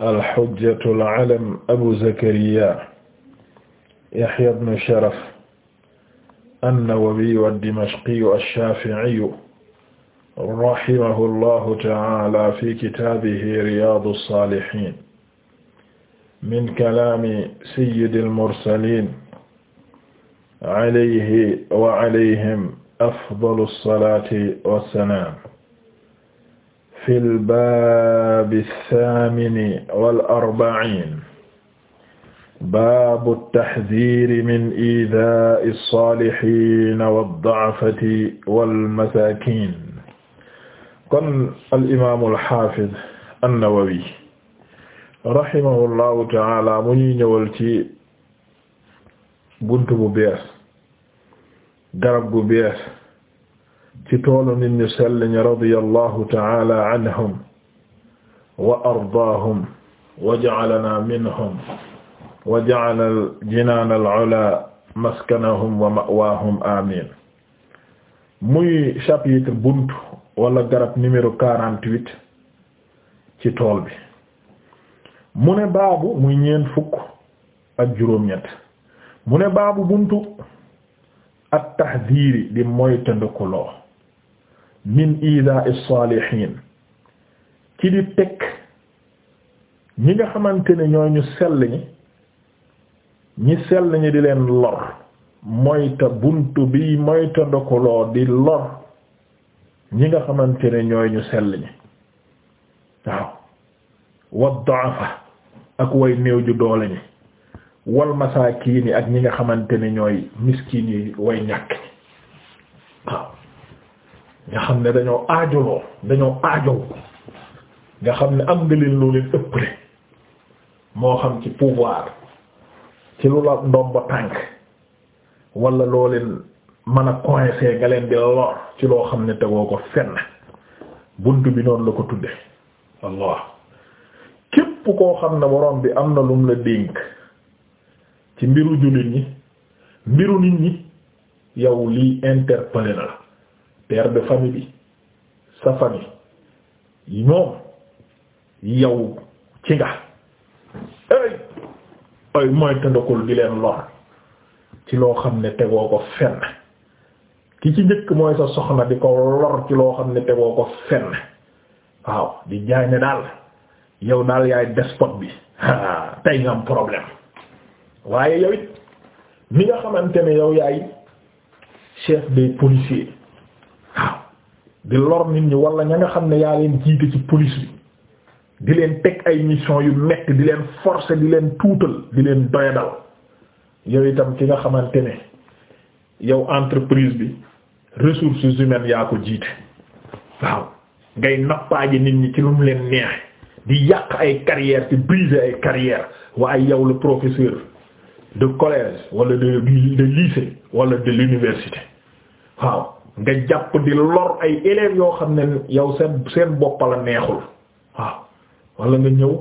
alxujjatul alam abu zakariya yaxya bnu sharaf annawawiyu addimashqiyu alshaaficiyu rahimahu allahu taala fi kitaabihi riyaadu saalihiin min kalaami sayyidil mursaliin alayhi wa alayhim afdalu salaati wa salaam fi al-baab as-saamin wal arba'iin baabu at-tahziir min iidaa'i as-saalihiin wad-du'afaa'i wal-masaakiin kon al-imaam al-haafiz an-Nawawi rahimahullahu ta'aala mu ñuy ñëwal ci bunt bu bees garab bu bees ci toolu nit ñu sell ñi radiyallahu ta'ala anhum wa ardaahum wa ja'alana minhum wa ja'ala jinaana al-'ulaa maskanahum wa ma'waahum amiin muy chapitre bunt wala garab numéro quarante-huit ci tool bi mu ne baabu muy ñeent fukk ak juróom-ñett mu ne baabu buntu at-tahdiiri di moytandiku loo min ida as-salihin ci di teg ñi nga xamante ne ñooy ñu sell ñi ñi sell ñi di leen lor moyta buntu bi moyta ndokaloo di lor ñi nga xamante ne ñooy ñu sell ñi waaw wa du'afa ak way néew ju doole ñi wal masaakiin yi ak ñi nga xamante ne ñooy miskin yi way ñàkk ñi waaw nga xam ne dañoo aajoloo dañoo aajow nga xam ne am nga leen loo leen ëppale moo xam ci pouvoir ci lu la ndomba tànk wala loo leen mën a coincé nga leen di lor ci loo xam ne tegoo ko fenn bunt bi noonu la ko tudde allah képp koo xam ne borom bi am na lum la dénk ci mbiru jullit ñi mbiru nit ñi yow lii interpellé na la père de famille bi sa famille ñoom yow ci nga ay mooy tëndakul di leen lor ci loo xam ne tegoo ko fenn ki ci njëkk mooy sa soxna di ko lor ci loo xam ne tegoo ko fenn waaw di jaay ne daal yow daal yaay despote bi tey nga am problème waaye yow it mi nga xamante ne yow yaay chef des policiers waaw di lor nit ñi wala ña nga xam ne yaa leen jiite ci police bi di leen teg ay mission yu nekk di leen force di leen tuutal di leen doyadal yow itam ci nga xamante ne yow entreprise bi ressources humaines yaa ko jiite waaw ngay nappaaje nit ñi ci lu mu leen neexe di yàq ay carrière di briser ay carrière waaye yow la professeur de collège wala de de lycée wala de l'université waaw nga jàpp di lor ay élèves yoo xam ne yow seen seen bopp la neexul waaw wala nga ñëw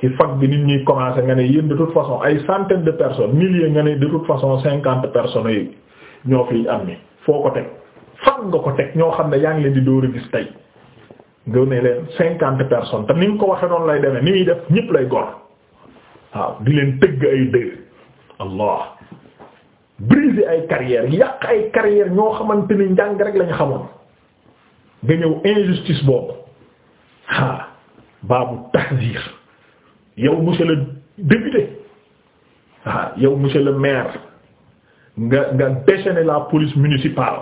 ci fac bi nit ñuy commencer nga ne yéen de toute façon ay centaines de personnes milliers nga ne de toute façon cinquante personnes yi ñoo fiy am ni foo ko teg fac nga ko teg ñoo xam ne yaa ngi leen di door a gis tey nga ne leen cinquante personnes te ni nga ko waxee noonu lay demee ni muy def ñëpp lay gor waaw di leen tëgg ay dëgg allah briser ay carrières yàq ay carrières ñoo xamante ni njàng rek lañ xamoon nga ñëw injustice boobu ah baabu tahzir yow monsieur le député ah yow monsieur le maire nga nga déchaîner la police municipale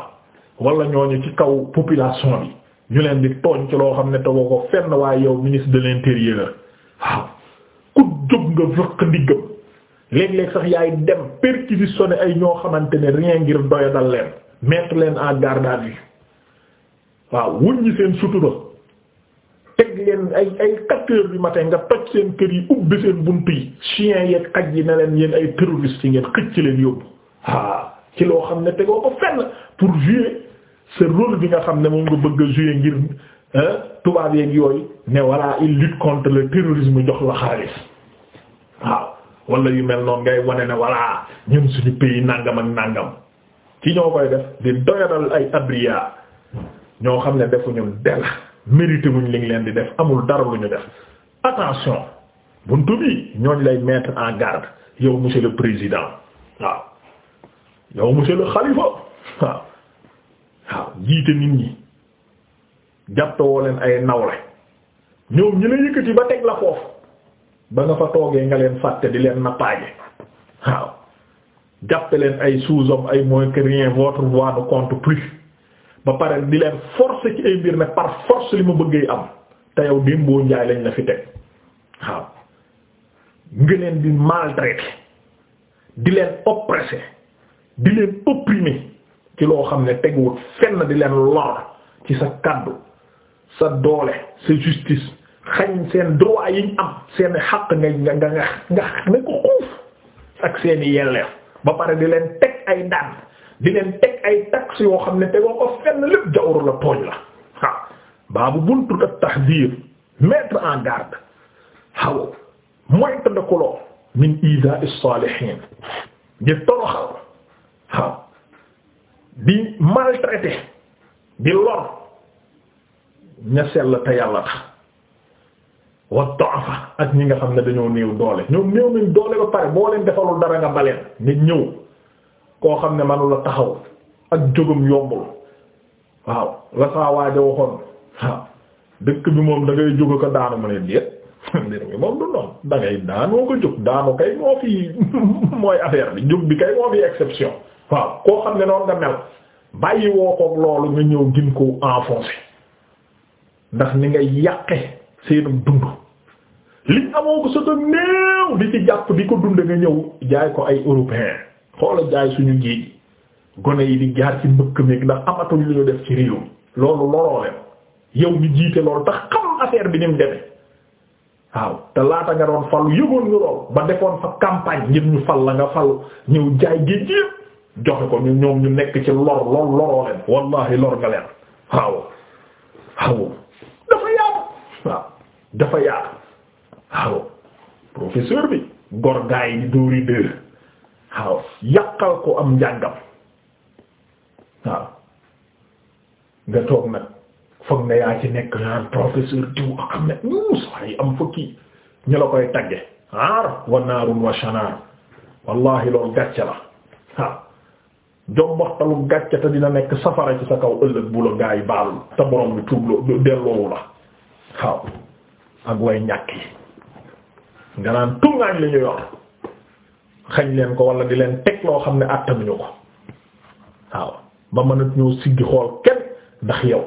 wala ñooñu ci kaw population bi ñu leen di tooñ ci loo xam ne tegoo ko fenn waaye yow ministre de l'intérieur waaw ku jóg nga fekk ndiggam. léeg-léeg sax yaay dem perquisitionné ay ñoo xamante ne rien ngir doyadal leen mettre leen en garde à vue waaw wuññi seen sutura teg leen ay ay quatre heures du nga toj seen kër yi ubbi seen bunt yi chien yeeg xaj yi ne leen yéen ay terroristes yi ngeen xëcc leen yóbbu ah ci loo xam ne tegoo ko fenn pour jouer ce rôle bi nga xam ne moom nga bëgg a jouer ngir tubaab yeeg yooyu ne voilà il lutte contre le terrorisme jox la xaalis waaw. wala yu mel noonu ngay wane ne voilà ñun suñu pays nangam ak nangam ci ñoo koy def di doyadal ay abriya ñoo xam ne defuñu del mérité wuñ li ngi leen di def amul dara lu ñu def attention buntu bi ñooñ lay mettre en garde yow monsieur le président waaw yow monsieur le xalifa waaw waaw jiite nit ñi jàppewoo leen ay nawle ñoom ñu la yëkkati ba teg la foofu ba nga fa toogee nga leen fàtte di leen nappaaje waaw jàppe leen ay sous-hommes ay moins que rien votre voix compte plus ba pare di leen forcer ci ay mbir ne par force li ma bëggee am te yow démboo njaay lañ la fi teg waaw nga di maltraiter di leen oppresser di leen opprimer ci loo xam ne teguwul fenn di leen lor ci sa kaddu sa doole sa justice xañ seen droit yiñ am seen xaq nga nga nga nga nga nga ko xuuf ak seen i yelleef ba pare di leen teg ay daan di leen teg ay taxes yoo xam ne tegoo ko fenn lépp jawru la tooñ la waaw baabu buntu ak tahdir mettre en garde xaw moyta ndakuloo min isa salihin di toroxal waaw di maltraiter di lor ña sell te yàlla tax wa da'afa ak ñi nga xam ne dañoo néew doole ñoom néew nañ doole ba pare boo leen defalul dara nga baleen nga ñëw koo xam ne manula taxaw ak jógum yombul waaw la saa waaja waxoon waaw dëkk bi moom da jóg ko daanu ma leen déet moom du noonu da daanoo ko jóg daanu kay moo fi mooy affaire bi jóg bi kay moo fi exception waaw koo xam ne noonu nga mel bàyyi woo koog loolu nga ñëw gin ko enfoncé ndax ni ngay yàqe seenum dund liñ amoo ko sota néew di ci jàpp di ko dund nga ñëw jaay ko ay européen xoola jaay suñu njiit yi gone yi di jaar ci mbëkk meeg ndax amatul li ñu def ci réew loolu loroo leen yow mi jiite lool te xam affaire bi ni mu demee waaw te laata nga doon fal yëgoon nga lool ba defoon fa campagne ngir ñu fal la nga fal ñëw jaay géej gi joxe ko ñu ñoom ñu nekk ci lor lool loroo wallahi lor nga leen waaw waaw dafa yaatu waaw dafa yaatu waaw professeur bi gor gaay di dóori dër waaw yàqal ko am njàngam waaw nga toog nag foog na yaa ci nekk naan professeur diw a xam ne musaay am fukki ñu la koy tagge aar wa naarun wa shanaar loolu gàcce la waaw jom gàcce te dina nekk safara ci sa kaw ëllëg bu la gaay baalul te borom bi tuub loo la waaw ak way ñàkk yi nga naan tungaañ li ñu yor xañ leen ko wala di leen teg loo xam ne àttanuñu ko waaw ba mënat ñoo siggi xool kenn ndax yow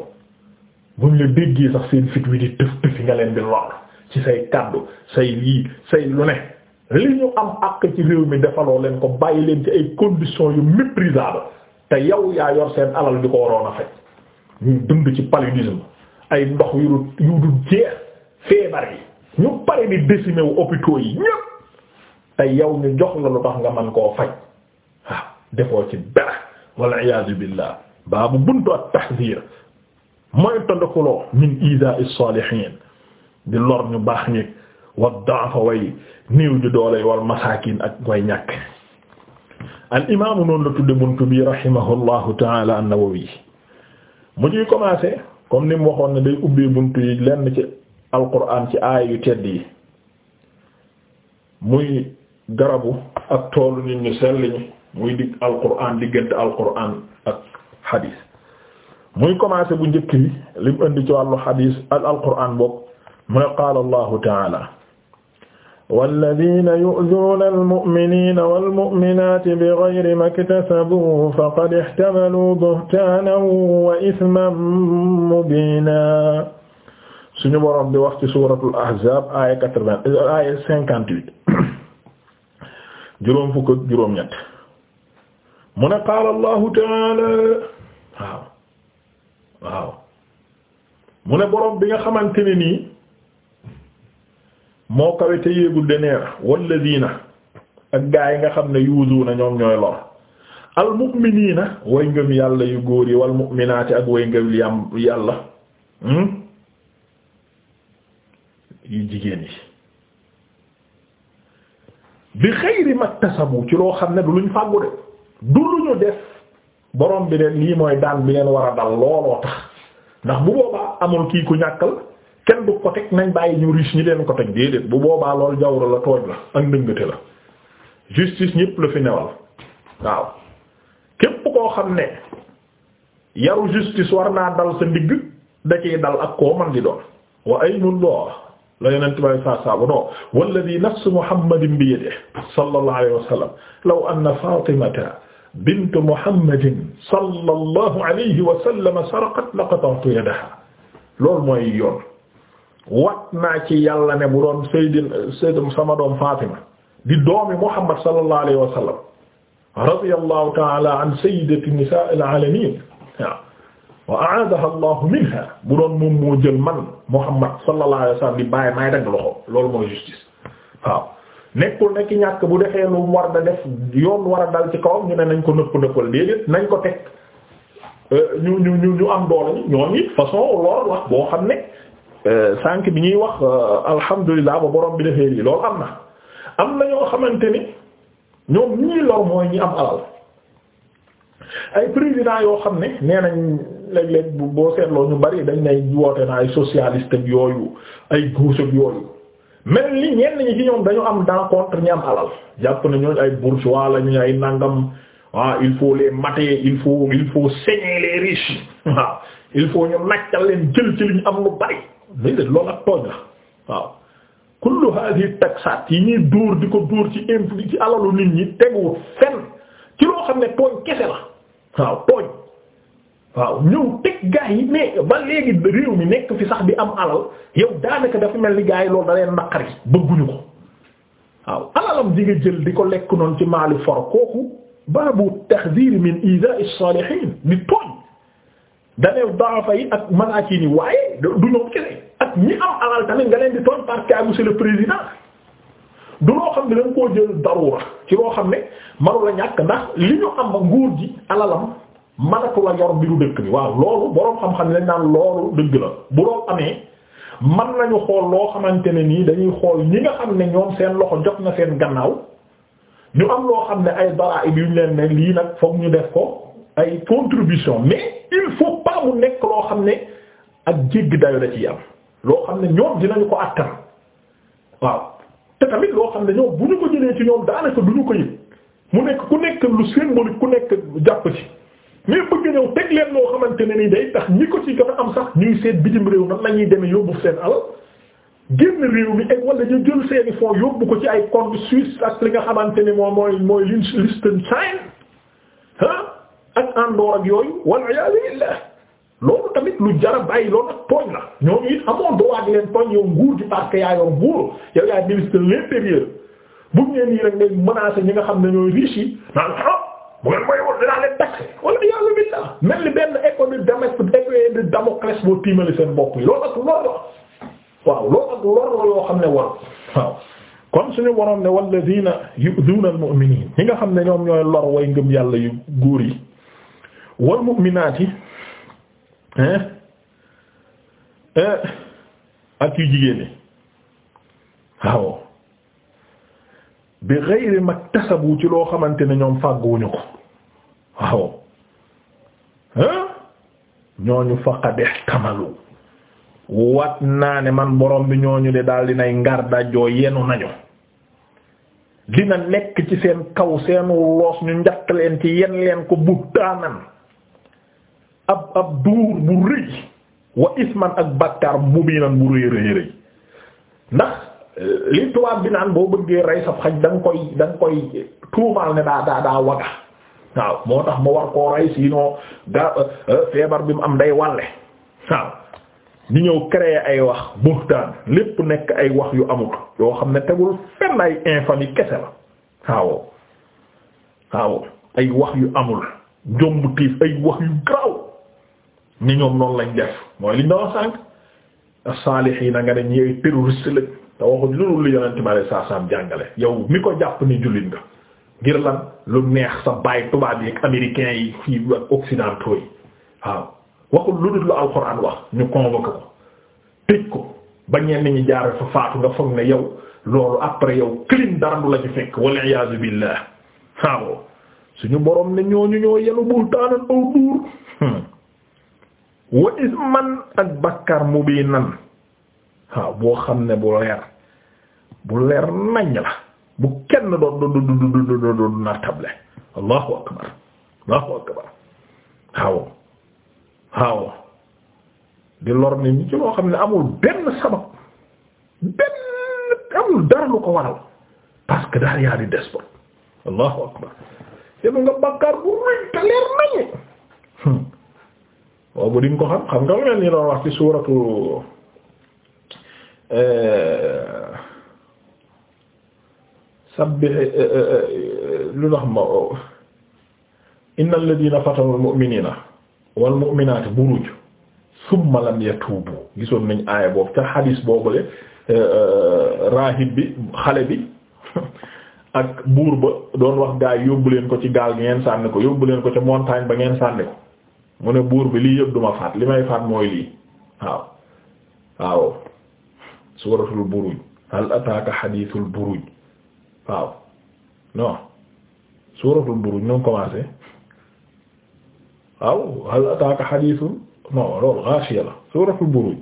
buñ la déggee sax seen fit wi di tëf tëfi nga leen di lor ci say kàddu say lii say lu ne li ñu am àq ci réew mi defaloo leen ko bàyyi leen ci ay condition yu méprisables te yow yaa yor seen alal di ko waroon a faj ñuy dund ci paludisme ay ndox yu du yu du jeex feebar yi ñu pare di décimer wu hôpitaux yi ñépp te yow ñu jox la lu tax nga man koo faj defoo ci dara wal iyaadu billah baabu buntu ak tahzir mooy tondakuloo min iisaai saalihiin di lor ñu baax ñi wa daafa way néew ju doole wal masaakin ak way ñàkk al imaamu noonu la tudde buntu bi rahimahullahu taala an-Nawawi mu ciy commencé comme ni waxoon ne day ubbee buntu yi lenn ci alquran ci aaya yu tedd yi muy garabu ak toolu nit ñu sell ñi muy dig alquran diggante alquran ak hadis muy commencé bu njëkk bi li mu indi ci wàllu hadis ak alquran bopp mu ne qaala allahu taala walladina yu'zuuna almu'miniina walmu'minaati bighayri maktasabuu faqad ihtamalu buhtaanan wa isman mubiina suñu boroom bi wax ci suuratul ahzaab aaya quatre-vingt euh, aaya cinquante-huit juróom fukk ak juróom ñett mu ne qaala allahu taala waaw waaw mu ne boroom bi nga xamante ni nii moo kawe te yéegul deneer walladiina ak gaa yi nga xam ne yuuzuuna ñoom ñooy lor almu'miniina way ngëm yàlla yu góor yi wal mu'minaati ak way ngëm yam yàlla hmm yu jigéen yi bi xayri maktasabu ci loo xam ne du luñ fàggu de du luñu def borom bi leen lii mooy daan bi leen war a dal looloo tax ndax bu boobaa amul kii ku ñàkkal kenn du ko teg nañ bàyyi ñu riche ñi leen ko teg déedéet bu boobaa loolu jawru la tooj la ak ndëngate la justice ñépp la fi newal waaw képp koo xam ne yaru justice war naa dal sa ndigg da ciy dal ak koo man di doon wa aynullah la yonent bay saa saabu non walladi nafsu muhammadin bi yadihi sallallahu alayhi wa sallam law anna fatimata bint muhammadin sallallahu alayhi wa sallam saraqat laqata'tu yadaha loolu mooy yoon wat naa ci yàlla ne bu doon sayyidin sayyidum sama doom fatima di doomi muhammad sallallahu alayhi wa sallam radiyallahu ta'ala an sayyidati nisa'il alamin waaw wa a'adaha allahu minha bu doon moom moo jël man muhammad sallallahu alayhi wa sallam di bàyyi maay dagg loxo loolu mooy justice waaw nekkul nekk ñàkk bu defee lu war da def yoon war a dal ci kawam ñu ne nañ ko nëpp nëppal déedéet nañ ko teg euh, ñu ñu ñu ñu am doole ñoom it façon lool wax boo xam ne euh, sànq bi ñuy wax euh, alhamdulilah ba borom bi defee lii loolu am na am na ñoo xamante ni ñoom ñii lor mooy ñi am alal ay président yoo xam ne nee nañ léeg boo seetloo ñu bari dañ nay woote na ay socialiste yooyu ay gauche ak yooyu mel li ñenn ñi ci ñoom dañu am dans contre ñi am alal jàpp na ñooñu ay bourgeois la ñu ay nangam ah il faut les mater il faut il faut saigner les riches waaw il faut ñu naccal leen jël ci li am lu bari loolu ak tooñ la waaw kullu hadi taxat yi ñuy dóor di ko dóor ci impli ci alalu nit ñi tegu fen ci loo xam ne tooñ kese la waaw tooñ waaw ñëw teg gaa yi mais ba léegi réew mi nekk fi sax bi am alal yow daanaka dafa mel ni gaa yi loolu da leen naqari bëgguñu ko waaw alalam di nga jël di ko lekk noonu ci maalu for kooku baabu taxdiir min iidaa saalihiin di tooñ daneew daafa yi ak masaakin yi waaye du ñoom kese ak ñi am alal tamit nga leen di tooñ parce que monsieur le président du loo xam ne da koo jël daruura ci loo xam ne manu la ñàkk ndax li ñu am nguur ji alalam mënatu la yor mbiru dëkk bi waaw loolu boroom xam-xam lañ naan loolu dëgg la bu loolu amee mën nañu xool loo xamante ne nii dañuy xool ñi nga xam ne ñoom seen loxo jot na seen gannaaw ñu am loo xam ne ay daraa'ib yu ñu leen ne lii nag fokk ñu def ko ay contribution mais il faut pas mu nekk loo xam ne ak jégg dayo da ciy am loo xam ne ñoom dinañu ko attan waaw te tamit loo xam ne ñoom bu ñu ko jëlee ci ñoom daanaka du ñu ko yëg mu nekk ku nekk lu symbolique ku nekk jàpp ci. mais bëgg ñëw teg leen loo xamante ne ni day tax ni ko ci gën a am sax ñuy seet bitim réew nan la ñuy demee yóbbu seen alal génn réew mi ak wala ñu jël seeni fonds yóbbu ko ci ay compte suisse ak li nga xamante ni moom mooy mooy Liechtenstein ah ak Andorre ak yooyu wala yaa billah loolu tamit lu jarab bàyyi loolu ak tooñ la ñoom it amoon doo ak leen tooñ yow nguur gi parce que yaa yor nguur yow yaay ministre l'intérieur bu ngeen yi rek ngay menacer ñi nga xam ne ñooy riche bu ngeen mooy woon dinaa leen taxe wala yàlla billah mel ni benn écho de Damoclès écho de Damoclès boo tiimale seen bopp yi loolu ak lor la waaw loolu ak lor la yoo xam ne war waaw kon suñu waroon ne walladina yu'duna al-mu'minin ñi nga xam ne ñoom ñooy lor way ngëm yàlla yu góor yi wal mu'minati eh, ak yu jigéen ñi waaw bi ghayri maktasabu ci loo xamante ne ñoom fàgguwuñu ko waaw ah ñooñu faqad ihtamalu wat naa ne man boroom bi ñooñu de daal dinay ngar dajoo yenu nañu dina nekk ci seen kaw seenu loos ñu njatt leen ci yen leen ko buttaanan ab ab duur bu rëy wa isman ak bakkaar mubiinan bu rëy rëy rëy ndax li tubaab bi naan boo bëggee rey sab xaj da nga koy da koy tuumaal ne daa daa daa waga waaw moo tax mu war koo rey sinon ga euh, euh, feebar bi mu am day wàlle waaw di ñëw créer ay wax buxtaan lépp nekk ay wax yu amul yoo xam ne tegul fenn ay infamie kese la waaw waaw ay wax yu amul jomb tiif ay wax yu graw ni ñoom noonu lañ def mooy liñ doon sànq saalihiina nga ne ñi ay terroriste lañ te waxuñ lu lu yonent bi sallallahu alayhi jàngale yow mi ko jàpp ni jullit nga ngir lan lu neex sa bàyyi tubaab yi ak yi fii ak occidentaux yi waaw waxul lu dul lu alxuraan wax ñu convoqué ko tëj ko ba ñenn ñi jaare fa faatu nga foog ne yow loolu après yow clean dara du la ci fekk wal iyaazu billah waaw suñu borom ne ñooñu ñoo yenu waaw boo xam ne bu leer bu leer nañ la bu kenn doon doon doon nar table allahu akbar allahu akbar waaw waaw di lor nit ñi ci loo xam ne amul benn sabab benn amul dara lu ko waral parce que daal yaa di despote allahu akbar yëpp nga bàkkaar bu rëy te leer nañu boobu hmm. di nga ko xam xam nga lu mel ni doon wax ci suuratu euh, sabbi eh, eh, eh, lu tax ma oh. inna alladina fatanu almu'minina wal mu'minaati buruj summa lam yatuubu gisoon nañ aaya boobu ca xadiis boobule raahib bi xale bi ak buur ba doon wax gaa yóbbu leen ko ci gaal gi ngeen sànni ko yóbbu leen ko ca montagne ba ngeen sànni ko mu ne buur bi lii yëpp duma faat li may faat mooy lii waaw waaw suuratul buruj hal xadiisul buruj waaw non suuratul buruj ñu commencé waaw hal ataaka xadiisu non loolu gaasiya la suuratul buruj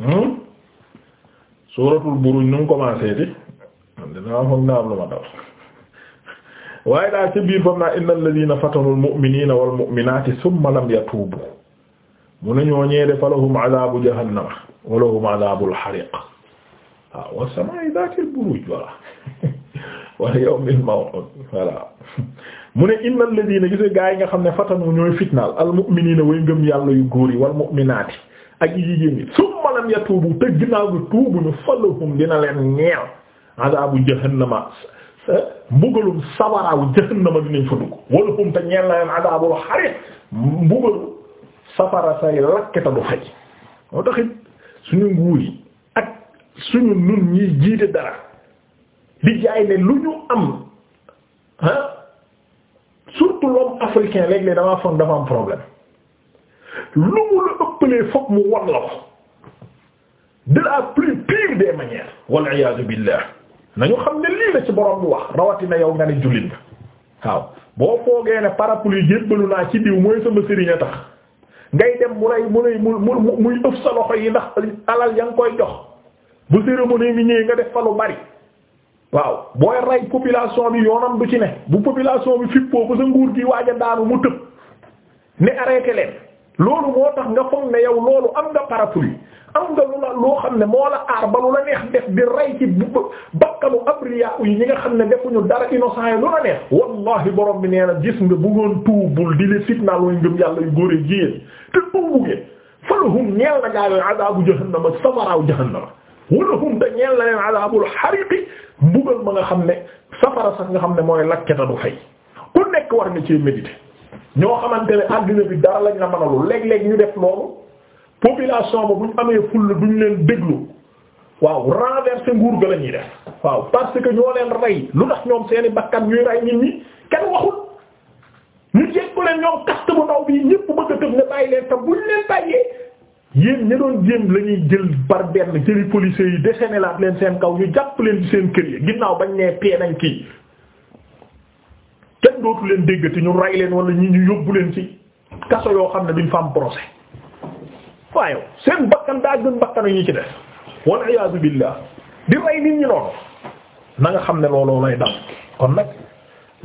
hmm? suuratul buruj ñu commencé di dinaa foog naa am ma daw waaye daal ci biir fam naa innal ladina fatanul mu'minina wal mu'minati summa lam yatuubu mu ne ñoo ñee de falahum adaabu jahannama walahum adaabul xariq waaw ah, wa samaa'i zaatil buruuj voilà wala yawmil maw'uud voilà mu ne innal ladiina gis gaa yi nga xam ne fatanu ñooy fitnaal al mu'miniina way ngëm yàlla yu góor yi wal mu'minaati ak yi jigéen yi summa lam yatuubu te ginnaaw gi tuubuñu falahum dina leen ñeel adaabu jahannama mbugalum sabaraaw jahannama dinañ fa dugg wala hum te ñeel na leen adaabul hariiq mbugalu safara say lakketa du fay moo taxit suñu nguur yi suñu nun ñiy jiite dara di jaay ne lu ñu am surtout l'homme africain léeg damaa foog dafa am problème lu mu la ëppalee foog mu wan la ko de la plus pire des manières wal iyaazu billah nañu xam ne lii la ci borom bu wax rawatina yow nga ne jullit nga waaw boo foogee ne parapluie jébbalu naa ci diw mooy sama sëriñ a tax ngay dem mu lay mu lay mu muy ëf sa loxo yi ndax alal ya nga koy jox bu cérémonie bi ñëwee nga def fa lu bari waaw booy rey population bi yoonam du ci ne bu population bi fippoo ko sa nguur gi waaj a daanu mu tëb ne arrêté leen loolu moo tax nga foog ne yow loolu am nga parapluie am nga lu la loo xam ne moo la aar ba lu la neex def di rey ci bakkanu abriya yi ñi nga xam ne defuñu dara innocent yi lu la neex wallahi borom bi nee na gis nga bëggoon tuubul di li fitnaal way ngëm yàlla yu góoree jiyéen te tuubu ngeen falahum ñeel na gaa yooyu adaabu jahannama safaraaw jahannama walahum da ñeel na leen adabul xariqi mbugal ma nga xam ne safara sax nga xam ne mooy lakketa du fay ku nekk war na cee méditer ñoo xamante ne àddina bi dara lañ la mënalul léeg-léeg ñu def loolu population ba bu ñu amee fulla duñ leen déglu waaw renverser nguur ga a ñuy def waaw parce que ñoo leen rey lu tax ñoom seeni bakkan ñuy rey nit ñi kenn waxul ñu jekku leen ñoom kast bu ndaw bi ñépp bëgg a tëb ne bàyyi leen te buñ leen bàyyee yéen ña doon jéem la ñuy jël par benn jëli policiers yi déchaîné leen seen kaw ñu jàpp leen ci seen kër yi ginnaaw bañ nee pee nañ kii kenn dootu leen déggati ñu ray leen wala ñu ñu yóbbu leen ci kaso yoo xam ne duñ fa am procès waaye seen bakkan daa gën bakkanu ñi ci def wal iyaadu billah di ray nit ñi noonu na xam ne looloo lay dal kon nag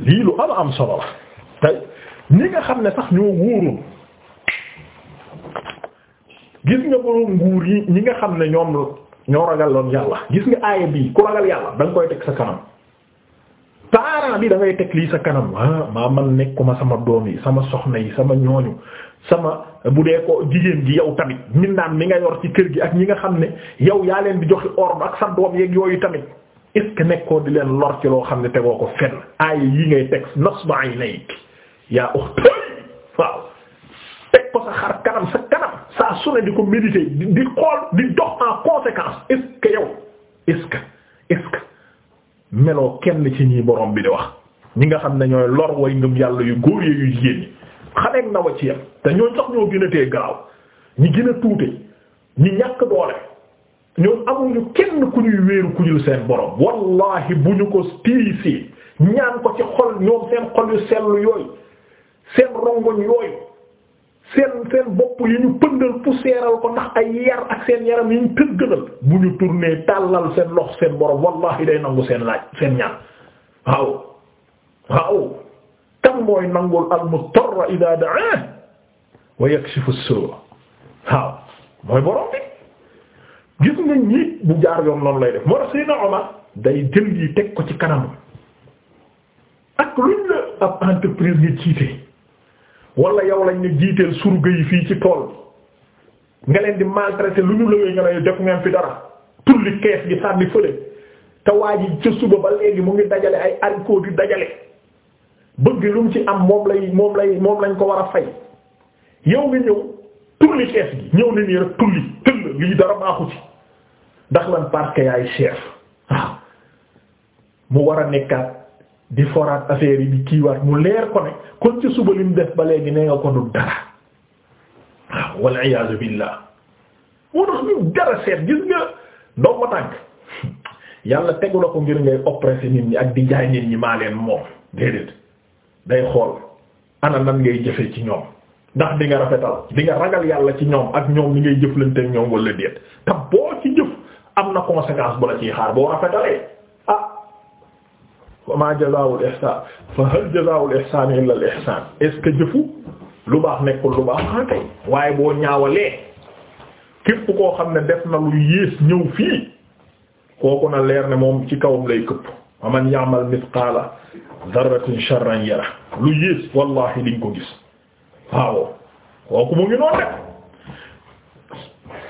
lii lu am am solo la te ñi nga xam ne sax ñoo wóorul gis nga borom nguur yi ñi nga xam ne ñoom ñoo ragaloon yàlla gis nga aaya bii ku ragal yàlla da nga koy teg sa kanam parent bi da ngay teg lii sa kanam ah maa man nekkuma sama doom yi sama soxna yi sama ñooñu sama bu dee ko jigéen gi yow tamit min naan mi nga yor ci kër gi ak ñi nga xam ne yow yaa leen di joxe ordre ak sa doom yeeg yooyu tamit est nekkoo di leen lor ci loo xam ne tegoo ko fenn aay yi ngay teg nasba aynayk yaa ukhti teg ko sa xar kanam sa kanam saa su ne di ko méditer di di dox en conséquence est yow est-ce meloo kenn ci ñi borom bi di wax ñi nga xam ne ñooy lor way ngëm yàlla yu góor yee yu jigéen ñi xaleeg na wa ci yam te ñooñ sax ñoo gën a tee garaaw ñi gën a tuute ñi ñàkk doole ñoom amuñu kenn ku ñuy wéeru ku seen borom wallahi bu ñu ko tiisee ñaan ko ci xol ñoom seen xol yu sellu yooyu seen rongoñ yooyu seen seen bopp yi ñu pëndal poussièreal ko ndax ay yar ak seen yaram yi ñu tëggalal bu ñu tourné tàllal seen lox seen borom wallahi day nangu seen laaj seen ñaan waaw waaw tam mooy nangul al-muttarra idha da'ah wa yakshifu as-su' waaw mooy borom bi gis nga ñi bu jaar yoon noonu lay def moo tax Seydina Omar day jël yi teg ko ci kanam ak luñ la ab entreprise nga jiite wala yow lañ ne jiiteel surga yi fii ci tool nga leen di maltraiter lu ñu lëwee nga ne def ngeen fi dara tulli kees gi sànni fële te waa ji ca suba ba léegi mu ngi dajale ay ariko di dajale bëgg lu mu ci am moom lay moom lay moom lañ ko war a fay yow nga ñëw tulli kees gi ñëw ne nii rek tulli tëll lii dara baaxu ci ndax lañ parce que yaay chef waaw mu war a nekkaat di foraat affaire yi di kiiwaat mu leer ko ne kon ci suba lim def ba léegi nee nga ko du dara waaw wal iyaazu billaah moo tax ñu dara seet gis nga ndomba tànk yàlla tegul la ko ngir ngay oppressé nit ñi ak di jaay nit ñi maa leen moom déedéet day xool ana nan ngay jëfe ci ñoom ndax di nga rafetal di nga ragal yàlla ci ñoom ak ñoom ni ngay jëflante ñoom wala déet te boo ci jëf am na conséquence bu la ciy xaar boo rafetalee. ma jazaa'ul ihsaan fa hal jazaa'ul ihsaan illa al ihsaan est-ce que jëfu lu baax nekkul lu baax xankay waaye boo ñaawalee képp koo xam ne def na lu yées ñëw fii kooku na leer ne moom ci kawam lay këpp wa man ya'mal mithqaala dharratin sharran yara lu yées wallahi liñ ko gis waaw kooku mu ngi noonu rek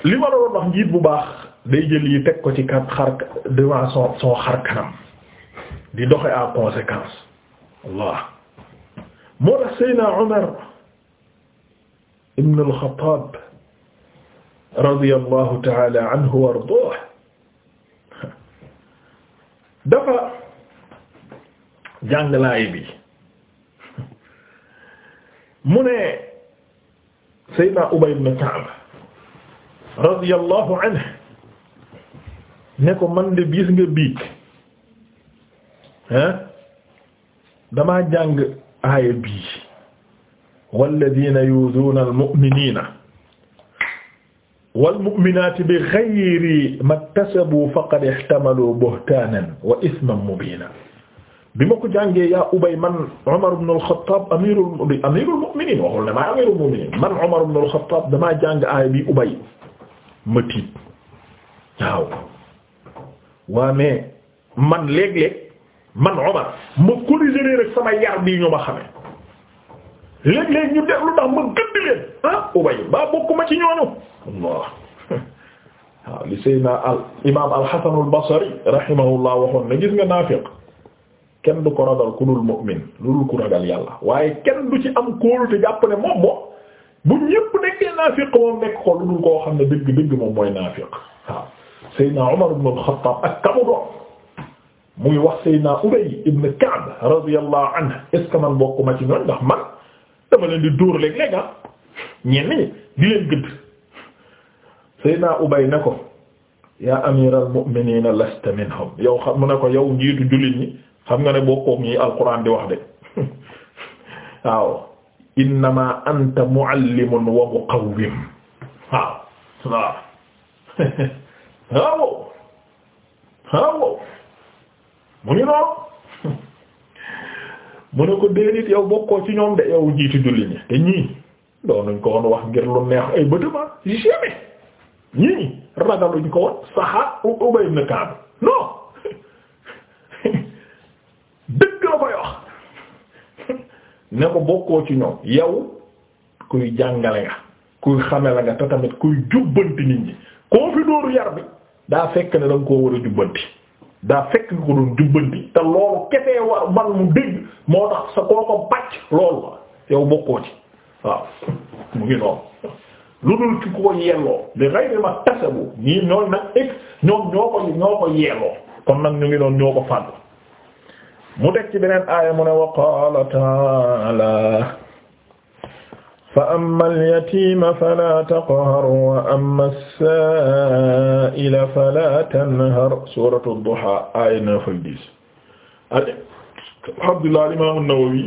li ma doon wax njiit bu baax day jël yi teg ko ci kat xar devant son xar kanam di doxe en conséquence Allah moo tax Seydina Umar ibn al-Khattab radiyallahu ta'ala anhu wa ardaah dafa jàngalaay bi mu ne Seydina Ubay ibn Ka'b radiyallahu anhu ne ko man de gis nga hein damaa jàng aaya bii walladina yuzuuna almu'minina walmu'minaati bi ghayri maktasabu faqad ihtamalu buhtaanan wa isman mubiina bi ma ko jàngee yaa ubay man Umar ibn al-Khattab amirul amirul mu'minin waxul ne maa amirul mu'minin man Umar ibn al-Khattab damaa jàng aaya bi ubay ma tiit waaw waa mais man léeg-léeg man Omar ma collisionné rek sama yar bii ñu ma xamee léeg-léeg ñu def lu tax ma gëdd leen ah Ubay ba bokkuma ci ñooñu Allah waaw li Seydina al imaam al-Hasan al-Basri rahimahullah waxoon na gis nga naafiq kenn du ko ragal ku dul mu'min lu dul ku ragal yàlla waaye kenn du ci am kóolute jàpp ne moom moom bu ñépp nekkee naafiq moom nekk ko lu dul koo xam ne dëgg dëgg moom mooy naafiq waaw Seydina Umar ibn al-Khattab ak kamu doon muy wax Seydina Ubay ibn Ka'b radiyallahu anhu est ce que man bokkuma ci ñoon ndax man dama leen di dóor léeg-léeg ah ñenn ñi di leen gëdd Seydina Ubay ne ko yaa amiral mu'miniina lasta minhum yow xam mu ne ko yow njiitu jullit ñi xam alquran di wax de waaw innama anta muallimun wa muqawwim waaw waaw waaw waaw mu ngi noonu mu ne ko déedéet yow bokkoo ci ñoom de yow jiitu julli ñi te ñii doonuñ ko wax ngir lu neex ay bëtëma ah, jamais ñii ragaluñ ko woon saxaat Ubay ibn Kaab non dëgg la koy wax ne ko bokkoo ci ñoom yow kuy jàngale nga kuy xame nga te tamit kuy jubbanti nit ñi koo fi dóoru yar bi daa fekk ne danga koo war a jubbanti daa fekk nga ko doon jubbanti te loolu kefee war man mu dégg moo tax koo ko bàcc loolu la yow bokkoo ci waaw mu ngi noonu lu dul ki ko yelloo li ghayri ma tasabu ñii ñooñ nag ëgg ñoom ñoo ko ñoo ko yelloo kon nag ñu ngi noonu ñoo ko fàdd mu teg ci beneen aaya mu ne wa qaala fa amma al-yatiima falaa taqhar wa amma as-saa'ila falaa tanhar suuratu ad-duhaa aaya neuf ak dix alhamdulillah al-imaam an-Nawawi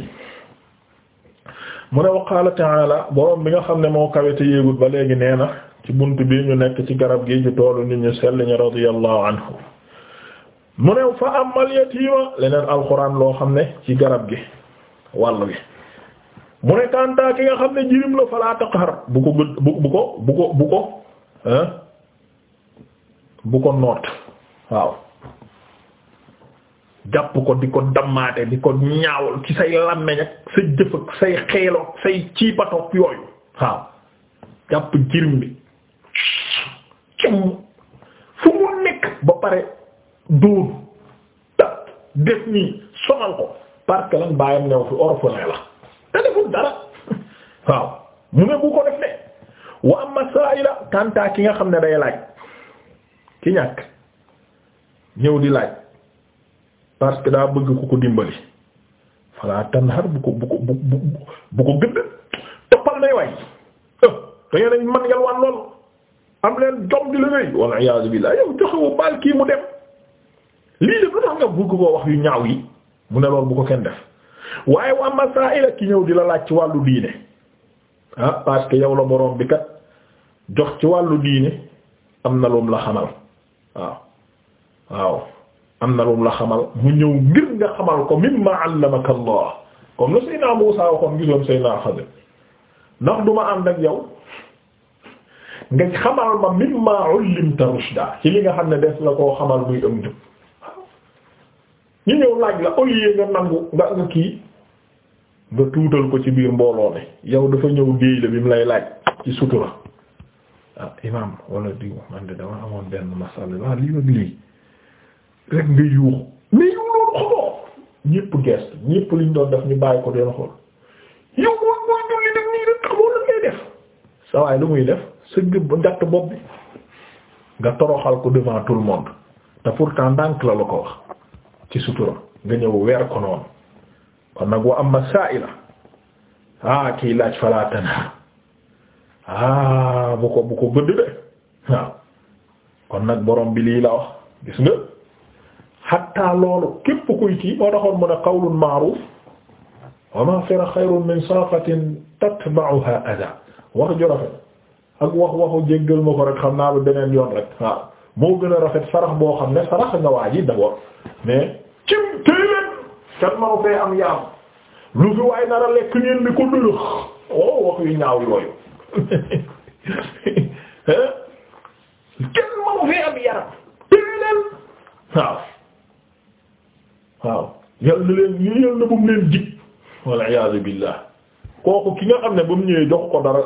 mu ne wa qaala ta'aala boroom bi nga xam ne moo kawe te yéegul ba léegi nee na ci bunt bi ñu nekk ci garab gi ci toolu nit ñu sell ñi radiyallahu anhu mu ne fa amma al-yatiima leneen alxuraan loo xam ne ci garab gi wàll gi mu ne kanta nga xam ne jirim la falaa taqhar bu ko gë- bu bu ko bu ko bu ko hein bu ko noot waaw jàpp ko di ko dammaate di ko ñaawal ci say làmmeñ ak sa jëf say xeeloog say ciipatoog yooyu waaw jàpp jirim bi fu mu nekk ba pare dóor def nii sonal ko parce que lan bàyyam new fi la te deful dara waaw mu ne bu ko def de wa amma sa'ila kanta ki nga xam ne day laaj ki ñàkk ñëw di laaj parce que daa bëgg ku ko dimbali fala tanhar bu ko bu ko bu bu ko gëdd toppal nay waay da ne man yalwaan lool am leen jom di liggéey walla iyaazu yow joxe baal kii mu dem lii def lu tax nga bëgg koo wax yu ñaaw yi mu ne lool bu ko kenn def waaye wa masaila ki ñëw di la laaj ci wàllu diine ah parce yow la borom bi kat jox ci wàllu diine am na lum la xamal waaw waaw am na lum la xamal mu ñëw ngir nga xamal ko mimma allamaka la Seydina Muusaa waxoon yow nga ma mimma rushda ci li nga xam ne des la koo xamal muy am jub ñu ñëw laaj la au nga nangu nga nga kii nga tuutal ko ci biir mbooloo ne yow dafa ñëw géey la bi mu lay laaj ci sutura ah imaam wala diw man de dama amoon benn masala waaw ah, lii ak lii rek nga yuux mais yow loolu xamoo ñépp gest ñépp liñ doon def ñu bàyyi ko doon xool yow moom mooy julli nag nii rek xamoo lan ngay def sa waay lu muy def sa gëb gàtt bopp bi nga toroxal ko devant tout le monde te pourtant ndànk la la ko wax ci sutura nga ñëw weer ko noonu kon nag wa am sa'ila ah kii laaj fala tanhar ah bu ko bu ko gëdd de kon nag borom bi lii la wax gis nga xatta loolu képp kuy kii moo taxoon mu ne qawlun ma'ruf wa maghfira xayrun min sadaqatin tatba'uha adha wax ju rafet ak wax waxu jéggal ma ko rek xam naa ba beneen yoon rek waaw moo gën a rafet sarax boo xam ne sarax nga waa ji d'abord mais kenn manu fee am yaam lu fi waay nar lekk ngeen ni ko dëlëx oh wax yu ñaaw yooyu kenn manu fee am yaram téye leen waaw waaw yal na leen li yal na mu leen jig walla iyaazu billaah kooku ki nga xam ne ba mu ñëwee jox ko dara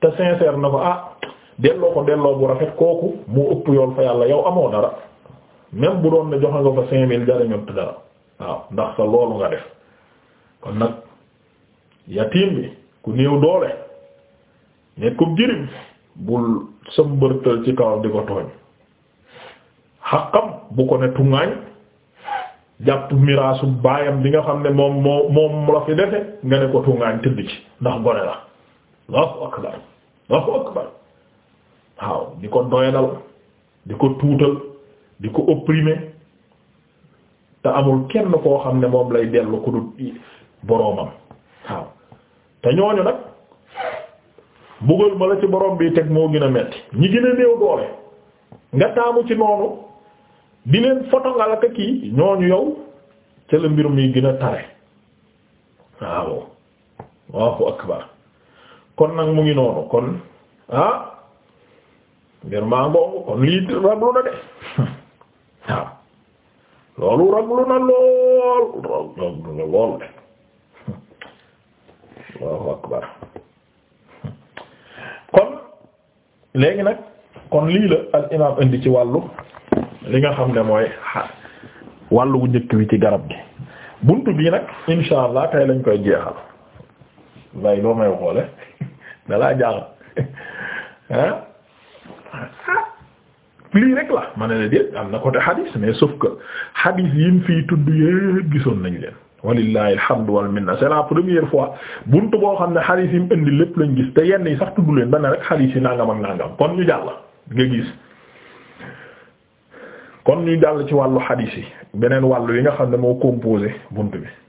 te sincère na ko ah delloo ko delloo bu rafet kooku moo ëpp yoon fa yàlla yow amoo dara même bu doon ne jox nga fa cinq mille jariñut dara waaw ndax sa loolu nga def kon nag yatim bi ku néew doole nekkub jirim bul sëmbërtal ci kaw di ko tooñ xaqam bu ko ne tuŋaañ jàpp miraasu baayam bi nga xam ne moom moo moom la fi defe nga ne ko tuŋaañ tëdd ci ndax gone la allahu akbar allahu akbar waaw di ko doyadal di ko tuutal di ko opprimer te amul kenn koo xam ne moom lay dellu ku dul boroomam waaw te ñooñu nag mbugal ma la ci borom bi teg moo gën a metti ñi gën a néew doole nga taamu ci noonu di foto nga la kii ñooñu yow ca la mbir mi gën a tare waaw waaw akbar kon nag mu ngi noonu kon ah mbir maa ngoogu kon lii raglu na de waaw loolu raglu na lool raglu na lool Allahu akbar kon léegi nag kon lii la al imaam indi ci wàllu li nga xam ne mooy wàllu bu njëkk wi ci garab gi buntu bii nag insha allah tey lañ koy jeexal waaye loo may xoole dalaa jaaxal ah lii rek la ma ne la am na ko côté hadis mais sauf que hadis yi mu fiy tudd yépp gisoon nañ leen walillahi alhamdu wal minna c'est la première fois bunt boo xam ne hadis yi mu indi lépp lañ gis te yenn yi sax tudd leen ba ne rek hadis yi nangam ak nangam kon ñu jàll nga gis. kon ñu jàll ci wàllu hadis yi beneen wàllu yi nga xam ne moo composé bunt bi.